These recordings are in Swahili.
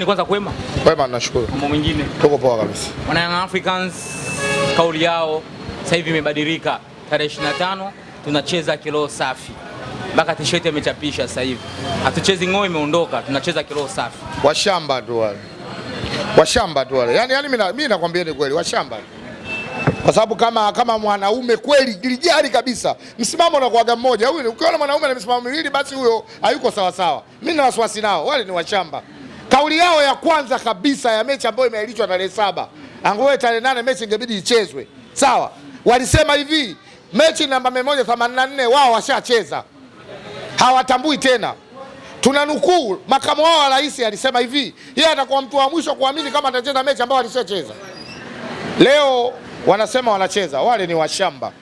Habari kwanza, kwema? Kwema, nashukuru. Mambo mengine? Tuko poa kabisa. Wana Young Africans kauli yao sasa hivi imebadilika, tarehe 25 tunacheza kiroho safi, mpaka t-shirt amechapisha sasa hivi, hatuchezi ng'oo, imeondoka, tunacheza kiroho safi. Washamba tu wale, washamba tu wale. Yaani, yani mimi nakwambia ni kweli, washamba kwa sababu kama kama mwanaume kweli girijari kabisa, msimamo unakuwaga mmoja. Huyu ukiona mwanaume na msimamo miwili, basi huyo hayuko sawasawa. Mimi na wasiwasi nao, wale ni washamba. Kauli yao ya kwanza kabisa ya mechi ambayo imeahirishwa tarehe saba angoe tarehe nane mechi ingebidi ichezwe, sawa. Walisema hivi mechi namba nne wao washacheza, hawatambui tena. Tunanukuu makamu wao wa rais alisema hivi, yeye atakuwa mtu wa mwisho kuamini kama atacheza mechi ambayo alishacheza. Leo wanasema wanacheza, wale ni washamba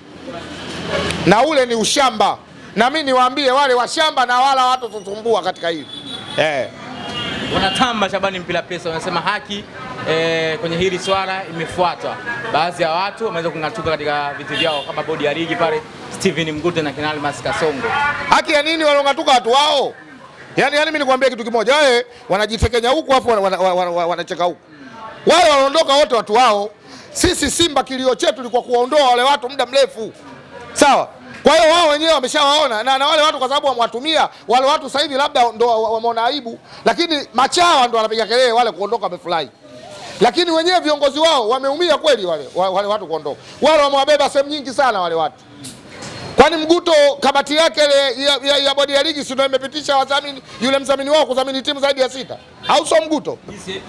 na ule ni ushamba. Na mimi niwaambie wale washamba na wala watu tutumbua katika hivi eh wanatamba Shabani mpira pesa, wanasema haki eh, kwenye hili swala imefuatwa. Baadhi ya watu wameweza kung'atuka katika viti vyao kama bodi ya ligi pale Steven Mgute na Kinali Mas Kasongo. Haki ya nini walong'atuka watu wao? Yaani, yani, mimi nikwambia kitu kimoja, wewe wanajitekenya huku hapo wanacheka huku. Wale wanaondoka wote watu wao. Sisi Simba kilio chetu kwa kuwaondoa wale watu muda mrefu. Sawa? Kwa hiyo wao wenyewe wameshawaona na, na wale watu kwa sababu wamwatumia wale watu sasa hivi labda ndo wameona aibu, lakini machawa ndo wanapiga kelele, wale kuondoka wamefurahi, lakini wenyewe viongozi wao wameumia kweli, wale wale watu kuondoka, wale wamewabeba sehemu nyingi sana wale watu kwani Mguto kamati yake ile ya, ya, ya bodi ya ligi si ndio imepitisha wadhamini, yule mdhamini wao kudhamini timu zaidi ya sita, au sio Mguto?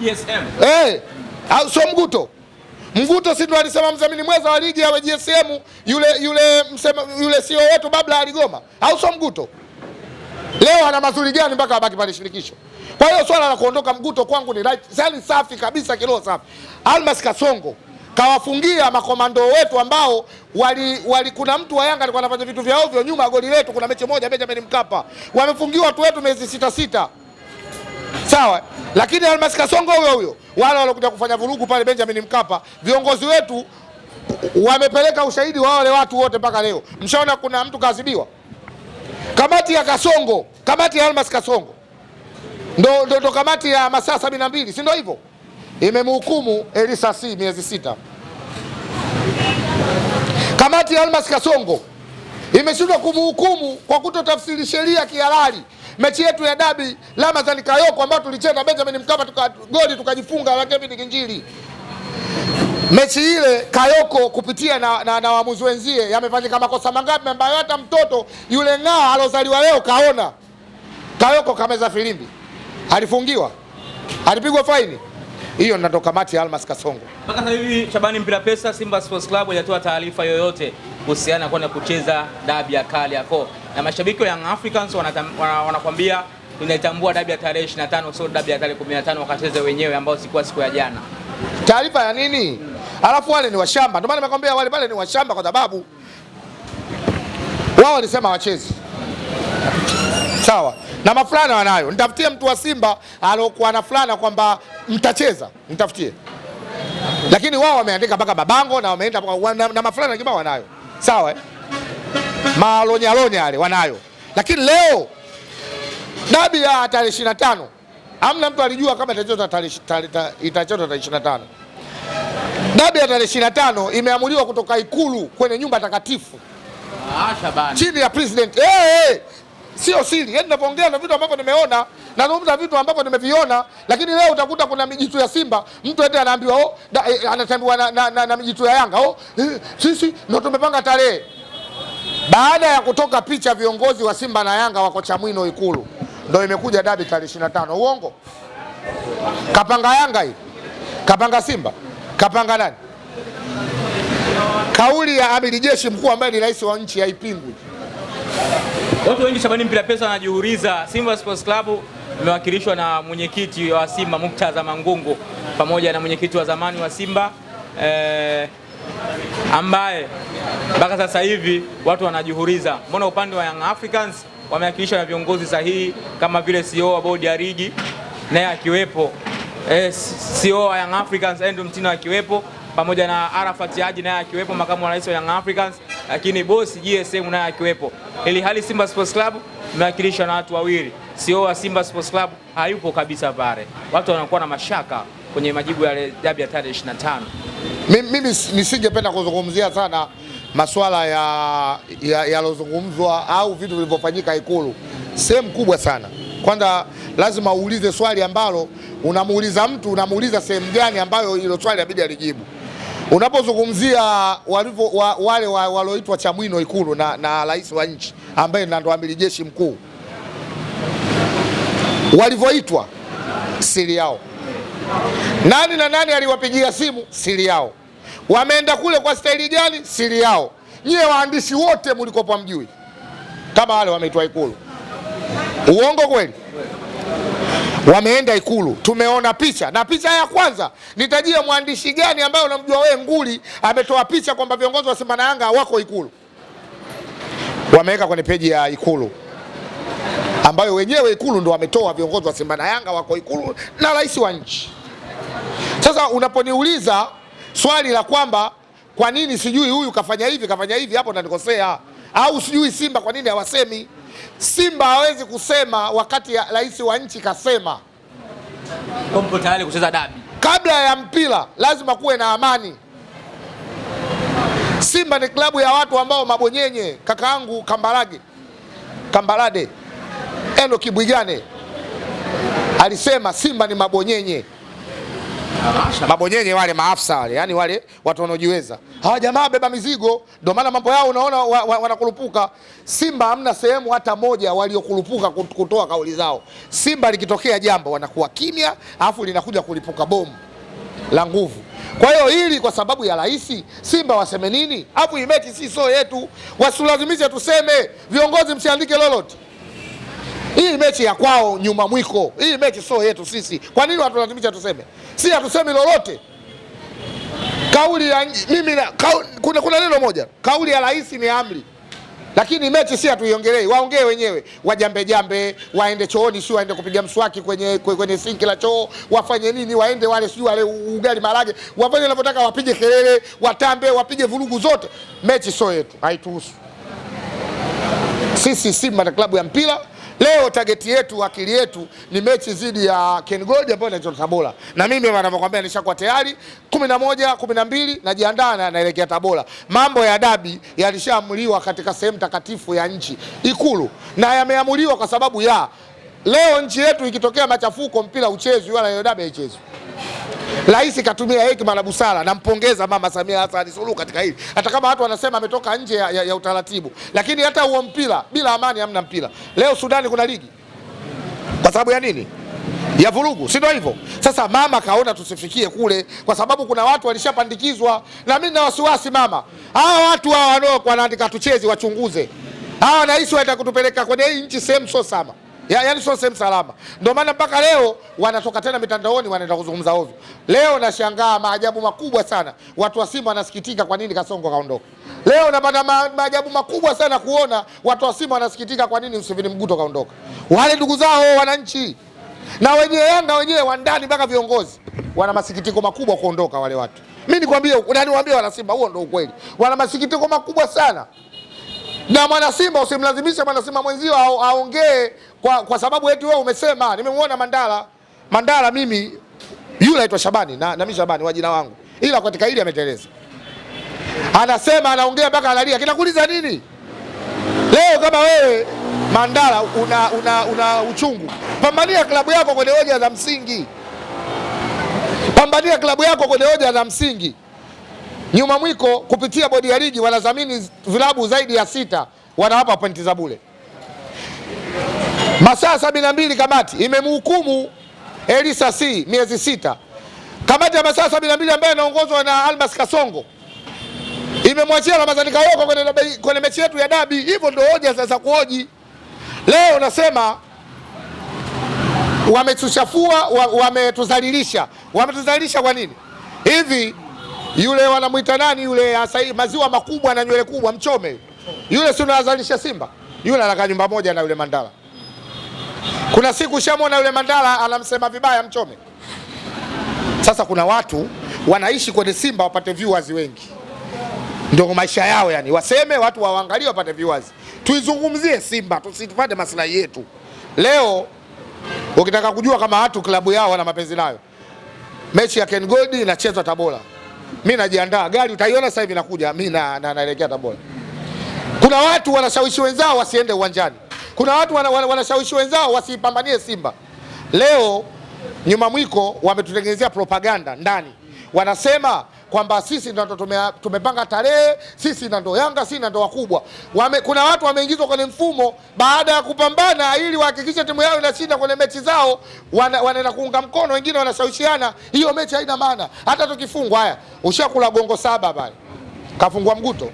Yes, yes, hey, au sio Mguto? Mguto si ndo alisema mdhamini mweza wa ligi ya GSM yule yule msema, yule CEO wetu Babla aligoma, au sio? Mguto leo ana mazuri gani mpaka abaki pale shirikisho? Kwa hiyo swala la kuondoka Mguto kwangu ni right, yani safi kabisa, kiroho safi. Almas Kasongo kawafungia makomando wetu ambao wali, wali kuna mtu wa Yanga alikuwa anafanya vitu vya ovyo nyuma goli letu. Kuna mechi moja Benjamin Mkapa, wamefungiwa watu wetu miezi sita sita sawa, lakini Almas Kasongo huyo huyo wale walokuja kufanya vurugu pale Benjamin Mkapa, viongozi wetu wamepeleka ushahidi wa wale watu wote mpaka leo. Mshaona kuna mtu kaadhibiwa? Kamati ya Kasongo, kamati ya Almas Kasongo ndo, ndo, ndo kamati ya masaa sabini na mbili si ndo hivyo imemhukumu Elisa C miezi sita. Kamati ya Almas Kasongo imeshindwa kumhukumu kwa kutotafsiri sheria kihalali mechi yetu ya dabi Ramadhani Kayoko ambayo tulicheza Benjamin Mkapa tuka, goli tukajifunga na Kevin Kinjili. Mechi ile Kayoko kupitia na, na, na waamuzi wenzie yamefanyika makosa mangapi ambayo hata mtoto yule ng'aa alozaliwa leo kaona. Kayoko kameza filimbi, alifungiwa, alipigwa faini. Hiyo ndo kamati ya Almas Kasongo. Mpaka sasa hivi, Shabani Mpira Pesa, Simba Sports Club hajatoa taarifa yoyote kuhusiana na kwenda kucheza dabi ya Kariakoo na mashabiki wa Young Africans wanakwambia tunaitambua dabi ya tarehe 25, sio dabi ya tarehe 15 wakacheze wenyewe, ambao sikuwa siku ya jana. Taarifa ya nini? Hmm. Alafu wale ni washamba, ndio maana nimekwambia wale pale ni washamba, kwa sababu wao walisema wacheze. sawa na mafulana wanayo. Nitafutie mtu wa Simba aliyokuwa na fulana kwamba mtacheza, nitafutie. Lakini wao wameandika mpaka mabango na wameenda na, na mafulana kibao wanayo, sawa eh? maalonya lonya yale wanayo, lakini leo dabi ya tarehe ishirini na tano amna mtu alijua kama itachota tarehe ishirini na tano. Dabi ya tarehe ishirini na tano imeamuliwa kutoka Ikulu kwenye nyumba takatifu chini ya president. Hey, hey. Sio siri, yaani ninapoongea na vitu ambavyo nimeona, nazungumza vitu ambavyo nimeviona, lakini leo utakuta kuna mijitu ya Simba, mtu ende anaambiwa oh, eh, anatambiwa na, na, na, na mijitu ya Yanga oh, eh, sisi ndio tumepanga tarehe baada ya kutoka picha viongozi wa Simba na Yanga wako Chamwino Ikulu, ndio imekuja dabi tarehe 25. Uongo? Kapanga Yanga hii, kapanga Simba, kapanga nani? Kauli ya amiri jeshi mkuu ambaye ni rais wa nchi haipingwi. Watu wengi Shabani, mpira pesa wanajiuliza, Simba Sports Club imewakilishwa na mwenyekiti wa Simba Muktaza Mangungu pamoja na mwenyekiti wa zamani wa Simba eh, ambaye mpaka sasa hivi watu wanajihuriza, mbona upande wa Young Africans wamewakilishwa na viongozi sahihi kama vile CEO wa bodi ya ligi naye akiwepo, eh, CEO wa Young Africans Andrew Mtino akiwepo pamoja na Arafat Haji naye akiwepo, makamu wa rais wa Young Africans, lakini bosi GSM naye akiwepo, ili hali Simba Sports Club imewakilishwa na watu wawili. CEO wa Simba Sports Club hayupo kabisa pale, watu wanakuwa na mashaka kwenye majibu ya dabi ya tarehe 25 mimi nisingependa kuzungumzia sana masuala yalozungumzwa ya, ya au vitu vilivyofanyika Ikulu sehemu kubwa sana. Kwanza lazima uulize swali ambalo unamuuliza mtu, unamuuliza sehemu gani ambayo hilo swali abidi alijibu. Unapozungumzia wa, wale walioitwa Chamwino Ikulu na, na rais wa nchi ambaye ndo amiri jeshi mkuu, walivyoitwa siri yao. Nani na nani aliwapigia simu, siri yao. Wameenda kule kwa staili gani, siri yao. Nyie waandishi wote mlikopa mjui kama wale wameitwa Ikulu. Uongo kweli? Wameenda Ikulu, tumeona picha na picha ya kwanza. Nitajia mwandishi gani ambaye unamjua wewe nguli ametoa picha kwamba viongozi wa Simba na Yanga wako Ikulu? Wameweka kwenye peji ya Ikulu ambayo wenyewe Ikulu ndo wametoa viongozi wa Simba na Yanga wako Ikulu na rais wa nchi. Sasa unaponiuliza swali la kwamba kwa nini sijui huyu kafanya hivi kafanya hivi, hapo nanikosea, au sijui Simba kwa nini hawasemi. Simba hawezi kusema wakati rais wa nchi kasema mpo tayari kucheza dabi. Kabla ya mpira lazima kuwe na amani. Simba ni klabu ya watu ambao mabonyenye, kakaangu Kambarage Kambarade Eno Kibwigane alisema Simba ni mabonyenye mabonyenye wale maafisa wale, yani wale watu wanaojiweza hawa jamaa beba mizigo, ndio maana mambo yao unaona wanakurupuka. Wa, wa, Simba hamna sehemu hata moja waliokurupuka kutoa kauli zao. Simba likitokea jambo wanakuwa kimya, alafu linakuja kulipuka bomu la nguvu. Kwa hiyo hili kwa sababu ya rais, Simba waseme nini? Alafu imeki si so yetu, wasulazimishe tuseme, viongozi msiandike lolote hii mechi ya kwao nyuma mwiko, hii mechi so yetu sisi. Kwa nini watu tuseme? si hatusemi lolote. Kauli ya mimi na, kauli, kuna, kuna neno moja, kauli ya rais ni amri, lakini mechi si hatuiongelei, waongee wenyewe wajambe jambe, waende chooni, si waende kupiga mswaki kwenye, kwenye sinki la choo, wafanye nini, waende wale si wale ugali marage, wafanye wanavyotaka, wapige kelele, watambe, wapige vurugu zote. Mechi sio yetu, haituhusu sisi. Simba na klabu ya mpira Leo tageti yetu, akili yetu ni mechi dhidi ya Ken Gold ambayo inaitwa Tabora, na mimi navyokwambia nishakuwa tayari kumi na moja kumi na mbili najiandaa na naelekea Tabora. Mambo ya dabi yalishaamriwa katika sehemu takatifu ya nchi Ikulu, na yameamuliwa kwa sababu ya Leo nchi yetu ikitokea machafuko, mpira uchezwi wala yodabe haichezwi. Rais katumia hekima na busara, nampongeza Mama Samia Hassan Suluhu katika hili, hata kama watu wanasema ametoka nje ya, ya, ya utaratibu, lakini hata huo mpira, bila amani hamna mpira. Leo Sudani kuna ligi kwa sababu ya nini? ya vurugu, si ndio hivyo? Sasa mama kaona tusifikie kule, kwa sababu kuna watu walishapandikizwa, na mimi na wasiwasi mama, hawa watu hawa wanaokuwa wanaandika tucheze, wachunguze hawa. Nahisi wanataka kutupeleka kwenye hii nchi sehemu sio sama ya, yani sio sehemu salama. Ndio maana mpaka leo wanatoka tena mitandaoni wanaenda kuzungumza ovyo. Leo nashangaa maajabu makubwa sana, watu wa Simba wanasikitika kwa nini Kasongo kaondoka. Leo napata maajabu makubwa sana kuona watu wa Simba wanasikitika kwa nini Mseveni Mguto kaondoka. Wale ndugu zao wananchi na wenyewe Yanga wenyewe wa ndani mpaka viongozi wana masikitiko makubwa kuondoka wale watu. Mimi nikwambie, unaniambia wana Simba, huo ndio ukweli. Wana masikitiko makubwa sana na mwanasimba usimlazimishe mwanasimba mwenzio aongee kwa, kwa sababu eti wewe umesema. Nimemwona Mandala Mandala, mimi yule aitwa Shabani na, na mimi Shabani wa jina wangu, ila katika hili ameteleza, anasema anaongea mpaka analia. Kinakuuliza nini leo? Kama wewe Mandala una, una, una uchungu, pambania klabu yako kwenye hoja za msingi, pambania klabu yako kwenye hoja za msingi. Nyuma mwiko kupitia bodi ya ligi wanadhamini vilabu zaidi ya sita, wanawapa pointi za bure. Masaa sabini na mbili kamati imemhukumu Elisa C miezi sita. Kamati ya masaa sabini na mbili ambayo inaongozwa na Almas Kasongo imemwachia Ramadhani Kayoko kwenye, kwenye mechi yetu ya dabi. Hivyo ndio hoja sasa kuhoji leo, unasema wametuchafua, wametuzalilisha wametuzalilisha kwa nini hivi? Yule wanamwita nani yule sasa maziwa makubwa na nywele kubwa mchome. Yule si unazalisha Simba. Yule anakaa nyumba moja na yule Mandala. Kuna siku shamwona yule Mandala anamsema vibaya mchome. Sasa kuna watu wanaishi kwenye Simba wapate viewers wengi. Ndio maisha yao yani. Waseme watu waangalie wapate viewers. Tuizungumzie Simba, tusipate maslahi yetu. Leo ukitaka kujua kama watu klabu yao wana mapenzi nayo. Mechi ya Ken Gold inachezwa Tabora mi najiandaa, gari utaiona sasa hivi nakuja, mi naelekea Tabora. Kuna watu wanashawishi wenzao wasiende uwanjani, kuna watu wanashawishi wenzao wasipambanie Simba. Leo nyuma mwiko wametutengenezea propaganda ndani, wanasema kwamba sisi ndo tumepanga tarehe, sisi na ndo Yanga, sisi na ndo wakubwa wame, kuna watu wameingizwa kwenye mfumo baada ya kupambana ili wahakikishe timu yao inashinda kwenye mechi zao, wanaenda kuunga mkono, wengine wanashawishiana, hiyo mechi haina maana, hata tukifungwa. Haya, ushakula gongo saba pale, kafungwa Mguto,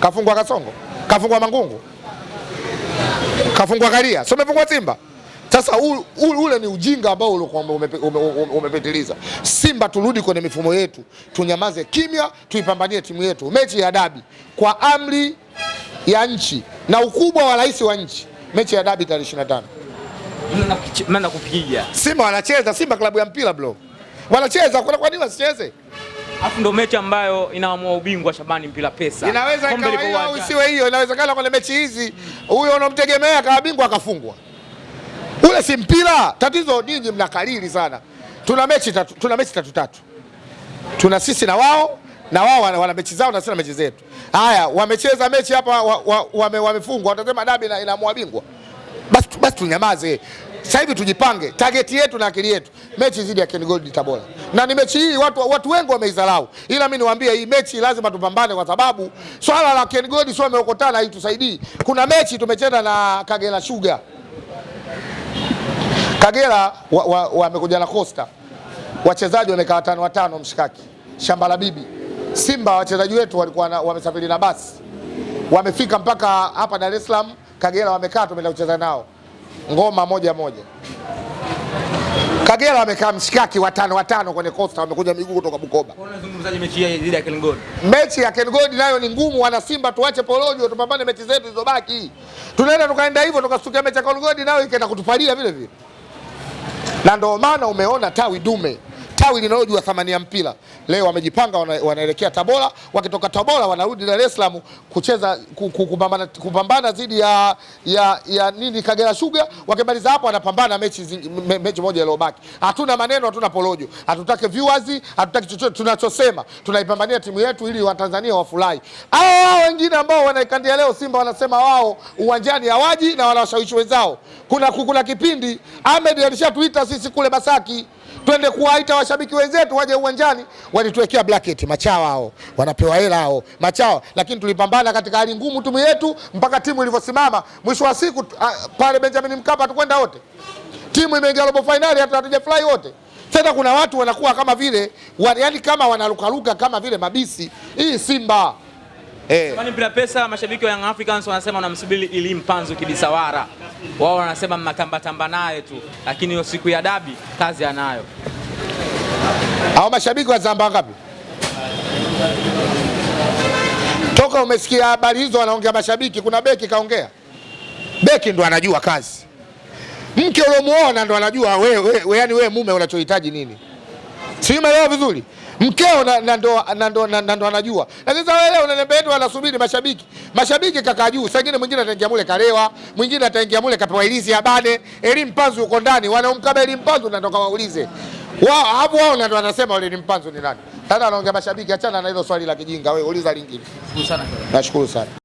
kafungwa Kasongo, kafungwa Mangungu, kafungwa Karia, so umefungwa Simba. Sasa ule ni ujinga ambao umepitiliza. Simba turudi kwenye mifumo yetu, tunyamaze kimya, tuipambanie timu yetu. Mechi ya dabi kwa amri ya nchi na ukubwa wa rais wa nchi, mechi ya dabi tarehe 25 kupiga Simba wanacheza. Simba klabu ya mpira bro, wanacheza. Kwa nini wasicheze? Afu ndo mechi ambayo inaamua ubingwa Shabani, mpira pesa. Inaweza ikawa hiyo isiwe hiyo, inawezekana kwenye mechi hizi huyo unamtegemea kawa bingwa akafungwa ule si mpira. Tatizo nyinyi mnakalili sana. Tuna mechi tatu, tuna mechi tatu tatu, tuna sisi na wao na wao wana, wana mechi zao na sisi na mechi zetu. Haya, wamecheza mechi hapa wame, wamefungwa, watasema dabi inaamua bingwa. Basi basi tunyamaze. Sasa hivi tujipange, target yetu na akili yetu, mechi zidi ya Ken Gold Tabora. Na ni mechi hii watu, watu wengi wameidharau, ila mimi niwaambie hii mechi lazima tupambane, kwa sababu swala la Ken Gold sio ameokotana, haitusaidii. Kuna mechi tumecheza na Kagera Sugar Kagera wamekuja wa, wa na Costa, wachezaji wamekaa watano watano, mshikaki shamba la bibi. Simba wachezaji wetu walikuwa wamesafiri na basi, wamefika mpaka hapa Dar es Salaam. Kagera wamekaa, tumeenda kucheza nao ngoma moja moja. Kagera wamekaa mshikaki watano watano kwenye Costa, wamekuja miguu kutoka Bukoba. Mechi ya Ken nayo ni ngumu. Wana Simba, tuache porojo, tupambane mechi zetu zilizobaki. Tunaenda tukaenda hivyo tukasukia mechi ya Ken nayo ikaenda kutufalia vile vile na ndio maana umeona tawi dume tawi linalojua thamani ya mpira leo wamejipanga, wana, wanaelekea Tabora. Wakitoka Tabora wanarudi Dar es Salaam kucheza kupambana, kupambana dhidi ya, ya, ya nini Kagera Sugar. Wakimaliza hapo wanapambana mechi, me, mechi moja iliyobaki. Hatuna maneno, hatuna porojo, hatutaki viewers, hatutaki chochote. Tunachosema tunaipambania timu yetu ili Watanzania wafurahi. Hao wengine ambao wanaikandia leo Simba wanasema wao uwanjani hawaji na wanawashawishi wenzao. Kuna, kuna kipindi Ahmed alishatuita sisi kule Basaki twende kuwaita washabiki wenzetu waje uwanjani, walituwekea blanket machawa hao, wanapewa hela hao machawa. Lakini tulipambana katika hali ngumu timu yetu mpaka timu ilivyosimama. Mwisho wa siku uh, pale Benjamin Mkapa tukwenda wote, timu imeingia robo finali, hata hatuja fly wote. Sasa kuna watu wanakuwa kama vile wa, yani kama wanarukaruka kama vile mabisi. Hii Simba eh, bila pesa. Mashabiki wa Young Africans wanasema wanamsubiri ili mpanzo kibisawara wao wanasema mnatambatamba naye tu, lakini hiyo siku ya dabi kazi anayo. Hao mashabiki zamba ngapi? Toka umesikia habari hizo, wanaongea mashabiki. Kuna beki kaongea, beki ndo anajua kazi, mke uliomuona ndo anajua wewe, yani wewe mume unachohitaji nini si umeelewa vizuri? Mkeo na ndo na ndo na ndo anajua. Na sasa wewe leo unaniambia eti mashabiki. Mashabiki kaka juu, Sasa nyingine mwingine ataingia mule kalewa, mwingine ataingia mule kapewa ilizi ya bade. Elimu panzu uko ndani, wanaomkaba Elimu panzu na ndo kawaulize. Wao hapo wao ndo wanasema wale Elimu panzu ni nani? Sasa anaongea mashabiki, achana na hilo swali la kijinga wewe, uliza lingine. Nashukuru sana.